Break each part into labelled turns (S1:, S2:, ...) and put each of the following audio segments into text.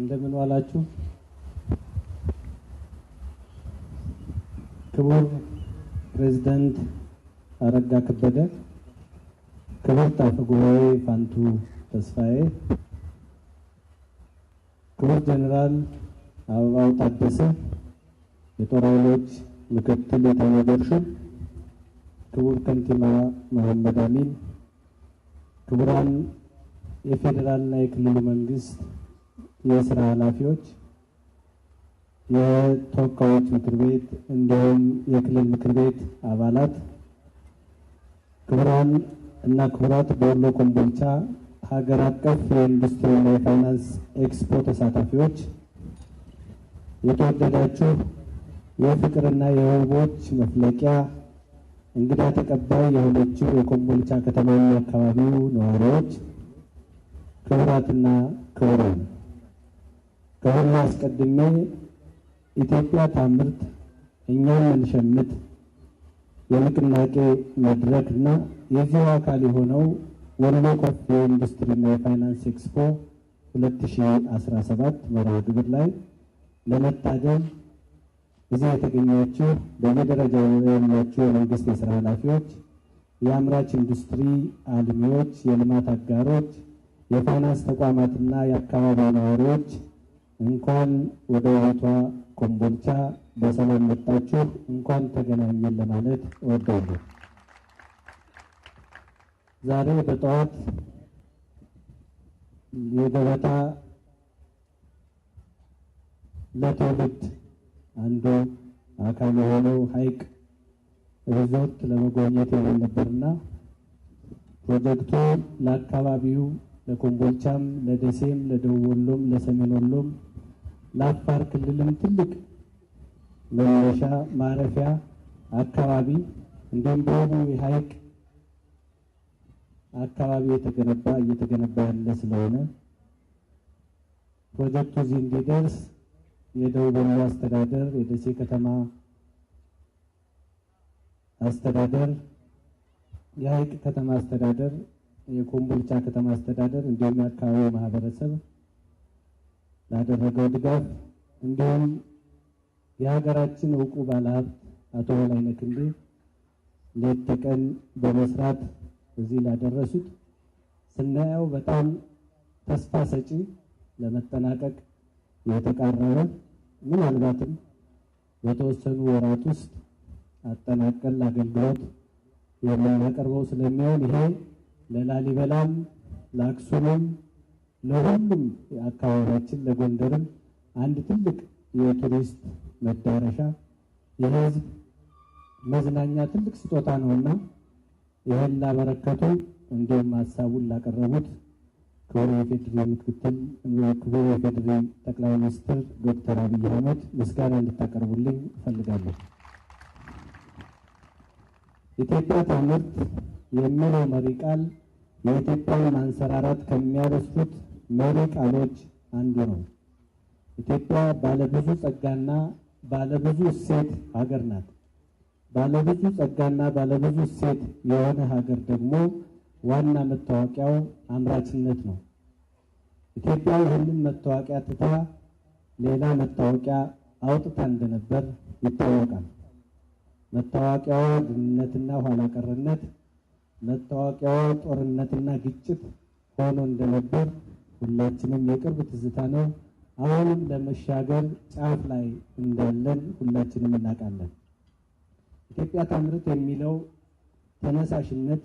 S1: እንደምን ዋላችሁ። ክቡር ፕሬዝዳንት አረጋ ከበደ፣ ክቡር አፈ ጉባኤ ፋንቱ ተስፋዬ፣ ክቡር ጀኔራል አበባው ታደሰ የጦር ኃይሎች ምክትል ኤታማዦር ሹም፣ ክቡር ከንቲባ መሐመድ አሚን፣ ክቡራን የፌዴራልና የክልሉ መንግስት የስራ ኃላፊዎች፣ የተወካዮች ምክር ቤት እንዲሁም የክልል ምክር ቤት አባላት፣ ክቡራን እና ክቡራት በወሎ ኮምቦልቻ ሀገር አቀፍ የኢንዱስትሪና የፋይናንስ ኤክስፖ ተሳታፊዎች፣ የተወደዳችሁ የፍቅርና የውቦች መፍለቂያ እንግዳ ተቀባይ የሆነችው የኮምቦልቻ ከተማና አካባቢው ነዋሪዎች ክቡራትና ክቡራን፣ ከሁሉ አስቀድሜ ኢትዮጵያ ታምርት እኛም እንሸምት የንቅናቄ መድረክ እና የዚሁ አካል የሆነው ወሎ ኮፍ የኢንዱስትሪና የፋይናንስ ኤክስፖ 2017 መርሃ ግብር ላይ ለመታደም እዚህ የተገኛችሁ በየደረጃው ያላችሁ የመንግስት የስራ ኃላፊዎች፣ የአምራች ኢንዱስትሪ አልሚዎች፣ የልማት አጋሮች የፋይናንስ ተቋማትና የአካባቢ ነዋሪዎች እንኳን ወደ ውቷ ኮምቦልቻ በሰላም መጣችሁ፣ እንኳን ተገናኘን ለማለት እወዳለሁ። ዛሬ በጠዋት የገበታ ለትውልድ አንዱ አካል የሆነው ሀይቅ ሪዞርት ለመጎብኘት የሆን ነበርና ፕሮጀክቱ ለአካባቢው ለኮምቦልቻም፣ ለደሴም፣ ለደቡብ ወሎም፣ ለሰሜን ወሎም፣ ለአፋር ክልልም ትልቅ መነሻ ማረፊያ አካባቢ እንዲሁም በሆኑ የሀይቅ አካባቢ የተገነባ እየተገነባ ያለ ስለሆነ ፕሮጀክቱ እዚህ እንዲደርስ የደቡብ ወሎ አስተዳደር፣ የደሴ ከተማ አስተዳደር፣ የሀይቅ ከተማ አስተዳደር የኮምቦልቻ ከተማ አስተዳደር እንዲሁም የአካባቢው ማህበረሰብ ላደረገው ድጋፍ እንዲሁም የሀገራችን እውቁ ባለሀብት አቶ በላይነህ ክንዴ ሌት ተቀን በመስራት እዚህ ላደረሱት ስናየው በጣም ተስፋ ሰጪ ለመጠናቀቅ የተቃረበ ምናልባትም በተወሰኑ ወራት ውስጥ አጠናቀል አገልግሎት የምናቀርበው ስለሚሆን ይሄ ለላሊበላም፣ ለአክሱምም፣ ለሁሉም አካባቢያችን ለጎንደርም አንድ ትልቅ የቱሪስት መዳረሻ የህዝብ መዝናኛ ትልቅ ስጦታ ነውና ይህን ላበረከቱ እንዲሁም ሀሳቡን ላቀረቡት ክቡር የፌድሪ ምክትል ክቡር የፌድሪ ጠቅላይ ሚኒስትር ዶክተር አብይ አህመድ ምስጋና እንድታቀርቡልኝ እፈልጋለሁ። ኢትዮጵያ ትምህርት የሚለው መሪ ቃል የኢትዮጵያን አንሰራራት ከሚያበስሩት መሪ ቃሎች አንዱ ነው። ኢትዮጵያ ባለብዙ ጸጋና ባለብዙ እሴት ሀገር ናት። ባለብዙ ጸጋና ባለብዙ እሴት የሆነ ሀገር ደግሞ ዋና መታወቂያው አምራችነት ነው። ኢትዮጵያ ይህንን መታወቂያ ትታ ሌላ መታወቂያ አውጥታ እንደነበር ይታወቃል። መታወቂያው ድህነትና ኋላ ቀርነት መታወቂያው ጦርነትና ግጭት ሆኖ እንደነበር ሁላችንም የቅርብ ትዝታ ነው። አሁንም ለመሻገር ጫፍ ላይ እንዳለን ሁላችንም እናውቃለን። ኢትዮጵያ ታምርት የሚለው ተነሳሽነት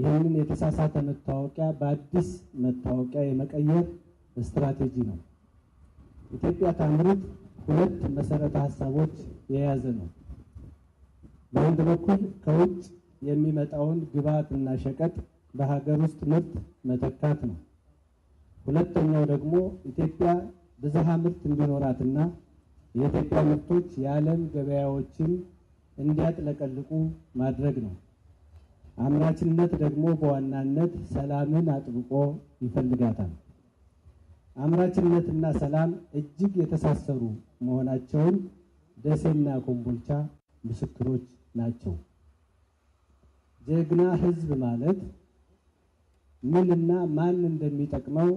S1: ይህንን የተሳሳተ መታወቂያ በአዲስ መታወቂያ የመቀየር ስትራቴጂ ነው። ኢትዮጵያ ታምርት ሁለት መሰረተ ሀሳቦች የያዘ ነው። በአንድ በኩል ከውጭ የሚመጣውን ግብዓትና ሸቀጥ በሀገር ውስጥ ምርት መተካት ነው። ሁለተኛው ደግሞ ኢትዮጵያ ብዝሃ ምርት እንዲኖራትና የኢትዮጵያ ምርቶች የዓለም ገበያዎችን እንዲያጥለቀልቁ ማድረግ ነው። አምራችነት ደግሞ በዋናነት ሰላምን አጥብቆ ይፈልጋታል። አምራችነትና ሰላም እጅግ የተሳሰሩ መሆናቸውን ደሴና ኮምቦልቻ ምስክሮች ናቸው። ጀግና ህዝብ ማለት ምንና ማን እንደሚጠቅመው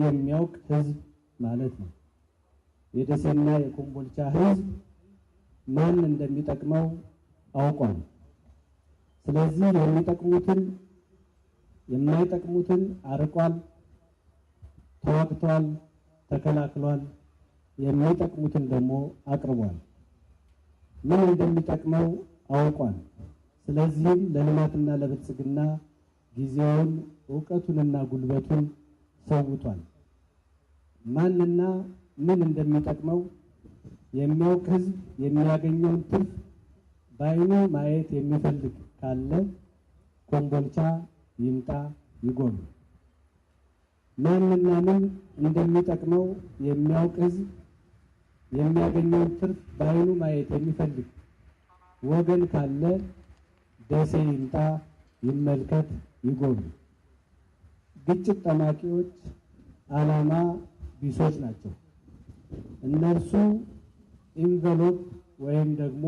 S1: የሚያውቅ ህዝብ ማለት ነው። የደሴና የኮምቦልቻ ህዝብ ማን እንደሚጠቅመው አውቋል። ስለዚህ የሚጠቅሙትን የማይጠቅሙትን አርቋል፣ ተዋግቷል፣ ተከላክሏል። የሚጠቅሙትን ደግሞ አቅርቧል። ምን እንደሚጠቅመው አውቋል። ስለዚህም ለልማትና ለብልጽግና ጊዜውን እውቀቱንና ጉልበቱን ሰውቷል። ማንና ምን እንደሚጠቅመው የሚያውቅ ህዝብ የሚያገኘውን ትርፍ በአይኑ ማየት የሚፈልግ ካለ ኮምቦልቻ ይምጣ ይጎብኝ። ማንና ምን እንደሚጠቅመው የሚያውቅ ህዝብ የሚያገኘውን ትርፍ በአይኑ ማየት የሚፈልግ ወገን ካለ ደሴ ይምጣ፣ ይመልከት፣ ይጎብኝ። ግጭት ጠማቂዎች ዓላማ ቢሶች ናቸው። እነርሱ ኢንቨሎፕ ወይም ደግሞ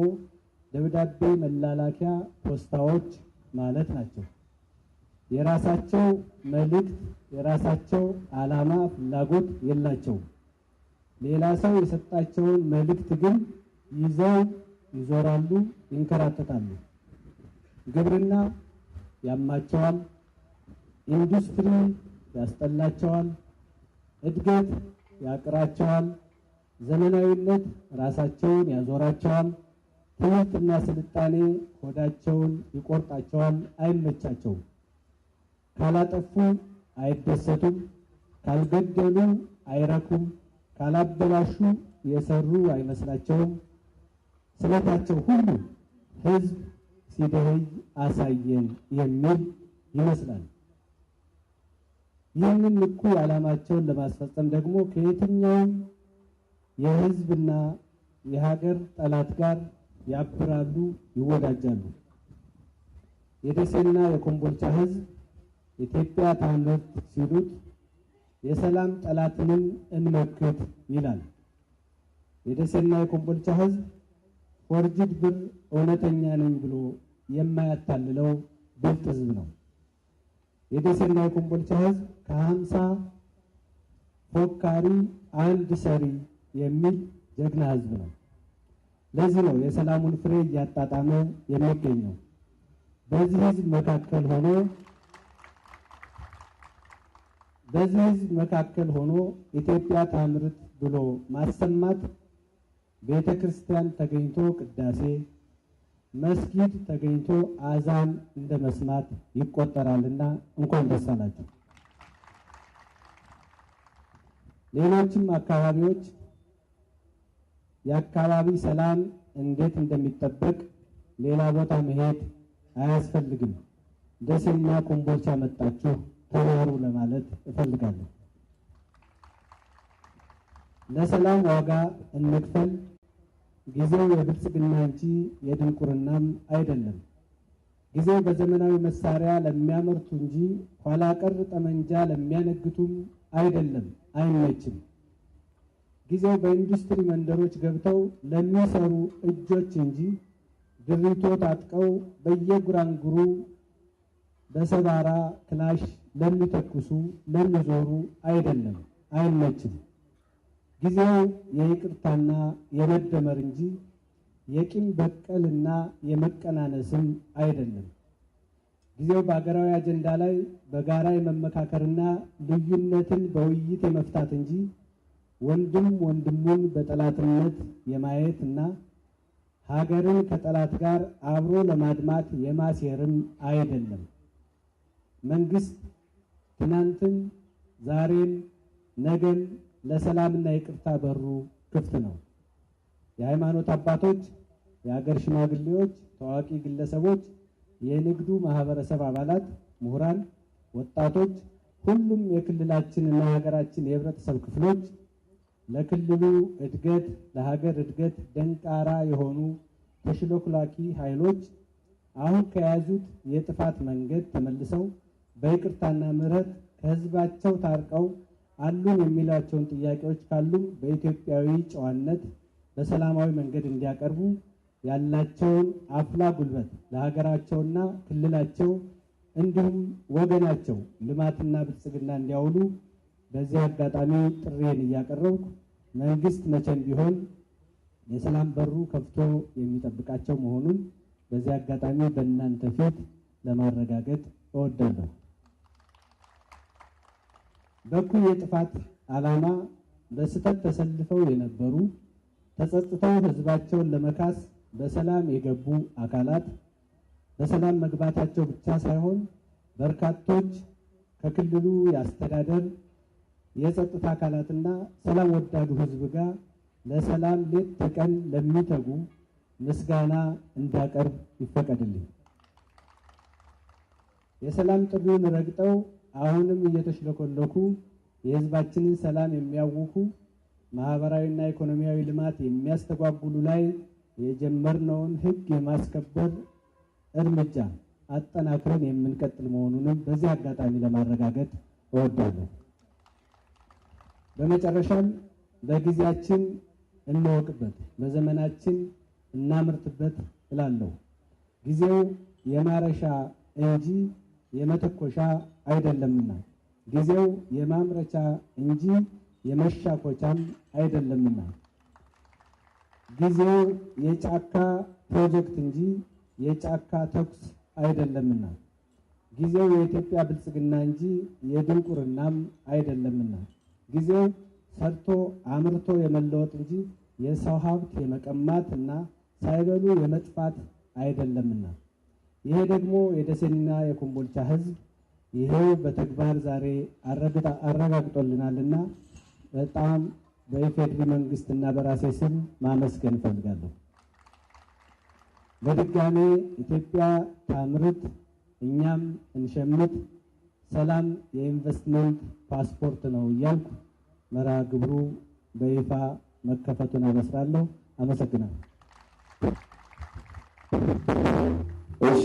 S1: ደብዳቤ መላላኪያ ፖስታዎች ማለት ናቸው። የራሳቸው መልእክት፣ የራሳቸው ዓላማ፣ ፍላጎት የላቸውም። ሌላ ሰው የሰጣቸውን መልእክት ግን ይዘው ይዞራሉ፣ ይንከራተታሉ። ግብርና ያማቸዋል፣ ኢንዱስትሪ ያስጠላቸዋል፣ እድገት ያቅራቸዋል፣ ዘመናዊነት ራሳቸውን ያዞራቸዋል፣ ትምህርትና ስልጣኔ ሆዳቸውን ይቆርጣቸዋል፣ አይመቻቸውም። ካላጠፉ አይደሰቱም፣ ካልገደሉ አይረኩም፣ ካላበላሹ የሰሩ አይመስላቸውም። ስለታቸው ሁሉ ህዝብ ሲደኸይ አሳየን የሚል ይመስላል። ይህንን እኩይ ዓላማቸውን ለማስፈጸም ደግሞ ከየትኛውም የህዝብና የሀገር ጠላት ጋር ያብራሉ፣ ይወዳጃሉ። የደሴና የኮምቦልቻ ህዝብ ኢትዮጵያ ታምርት ሲሉት የሰላም ጠላትንም እንመክት ይላል። የደሴና የኮምቦልቻ ህዝብ? ኦርጅድ ግን እውነተኛ ነኝ ብሎ የማያታልለው ብልጥ ህዝብ ነው። የደሴና የኮምቦልቻ ህዝብ ከሀምሳ ፎካሪ አንድ ሰሪ የሚል ጀግና ህዝብ ነው። ለዚህ ነው የሰላሙን ፍሬ እያጣጣመ የሚገኘው። በዚህ ህዝብ መካከል ሆኖ በዚህ ህዝብ መካከል ሆኖ ኢትዮጵያ ታምርት ብሎ ማሰማት ቤተ ክርስቲያን ተገኝቶ ቅዳሴ፣ መስጊድ ተገኝቶ አዛን እንደ መስማት ይቆጠራልና እንኳን ደስ አላችሁ። ሌሎችም አካባቢዎች የአካባቢ ሰላም እንዴት እንደሚጠበቅ ሌላ ቦታ መሄድ አያስፈልግም። ደሴና ኮምቦልቻ መጣችሁ ተባሩ ለማለት እፈልጋለሁ። ለሰላም ዋጋ እንክፈል። ጊዜው የብልጽግና እንጂ የድንቁርናም አይደለም። ጊዜው በዘመናዊ መሳሪያ ለሚያመርቱ እንጂ ኋላ ቀር ጠመንጃ ለሚያነግቱም አይደለም፣ አይመችም። ጊዜው በኢንዱስትሪ መንደሮች ገብተው ለሚሰሩ እጆች እንጂ ድሪቶ ታጥቀው በየጉራንጉሩ በሰባራ ክላሽ ለሚተኩሱ ለሚዞሩ አይደለም፣ አይመችም። ጊዜው የይቅርታና የመደመር እንጂ የቂም በቀልና የመቀናነስም አይደለም። ጊዜው በሀገራዊ አጀንዳ ላይ በጋራ የመመካከርና ልዩነትን በውይይት የመፍታት እንጂ ወንድም ወንድሙን በጠላትነት የማየት እና ሀገርን ከጠላት ጋር አብሮ ለማድማት የማሴርም አይደለም። መንግስት ትናንትም ዛሬም ነገም ለሰላምና ይቅርታ በሩ ክፍት ነው። የሃይማኖት አባቶች፣ የሀገር ሽማግሌዎች፣ ታዋቂ ግለሰቦች፣ የንግዱ ማህበረሰብ አባላት፣ ምሁራን፣ ወጣቶች፣ ሁሉም እና የሀገራችን የህብረተሰብ ክፍሎች ለክልሉ እድገት ለሀገር እድገት ደንቃራ የሆኑ ተሽሎክላኪ ኃይሎች አሁን ከያዙት የጥፋት መንገድ ተመልሰው በይቅርታና ምሕረት ከህዝባቸው ታርቀው አሉን የሚላቸውን ጥያቄዎች ካሉ በኢትዮጵያዊ ጨዋነት በሰላማዊ መንገድ እንዲያቀርቡ ያላቸውን አፍላ ጉልበት ለሀገራቸውና ክልላቸው እንዲሁም ወገናቸው ልማትና ብልጽግና እንዲያውሉ በዚህ አጋጣሚ ጥሬን እያቀረብኩ መንግስት መቼም ቢሆን የሰላም በሩ ከፍቶ የሚጠብቃቸው መሆኑን በዚህ አጋጣሚ በእናንተ ፊት ለማረጋገጥ እወዳለሁ። በኩል የጥፋት ዓላማ በስተት ተሰልፈው የነበሩ ተጸጽተው ህዝባቸውን ለመካስ በሰላም የገቡ አካላት በሰላም መግባታቸው ብቻ ሳይሆን በርካቶች ከክልሉ የአስተዳደር የጸጥታ አካላትና ሰላም ወዳዱ ህዝብ ጋር ለሰላም ሌት ተቀን ለሚተጉ ምስጋና እንዳቀርብ ይፈቀድልኝ። የሰላም ጥሪውን ረግጠው አሁንም እየተሽለኮለኩ የህዝባችንን ሰላም የሚያውኩ ማህበራዊና ኢኮኖሚያዊ ልማት የሚያስተጓጉሉ ላይ የጀመርነውን ህግ የማስከበር እርምጃ አጠናክረን የምንቀጥል መሆኑንም በዚህ አጋጣሚ ለማረጋገጥ እወዳለሁ። በመጨረሻም በጊዜያችን እንወቅበት፣ በዘመናችን እናምርትበት እላለሁ። ጊዜው የማረሻ እንጂ የመተኮሻ አይደለምና ጊዜው የማምረቻ እንጂ የመሻኮቻም አይደለምና ጊዜው የጫካ ፕሮጀክት እንጂ የጫካ ተኩስ አይደለምና ጊዜው የኢትዮጵያ ብልጽግና እንጂ የድንቁርናም አይደለምና ጊዜው ሰርቶ አምርቶ የመለወጥ እንጂ የሰው ሀብት የመቀማት እና ሳይበሉ የመጥፋት አይደለምና ይሄ ደግሞ የደሴና የኮምቦልቻ ህዝብ ይሄው በተግባር ዛሬ አረጋግጦልናልና በጣም በኢፌድሪ መንግስትና በራሴ ስም ማመስገን እፈልጋለሁ። በድጋሜ ኢትዮጵያ ታምርት፣ እኛም እንሸምት፣ ሰላም የኢንቨስትመንት ፓስፖርት ነው እያልኩ መርሃ ግብሩ በይፋ መከፈቱን አበስራለሁ። አመሰግናለሁ። እሺ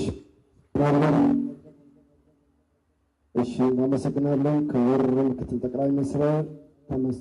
S1: ፕሮግራም እሺ እናመሰግናለን። ክቡር ምክትል ጠቅላይ ሚኒስትር ተመስ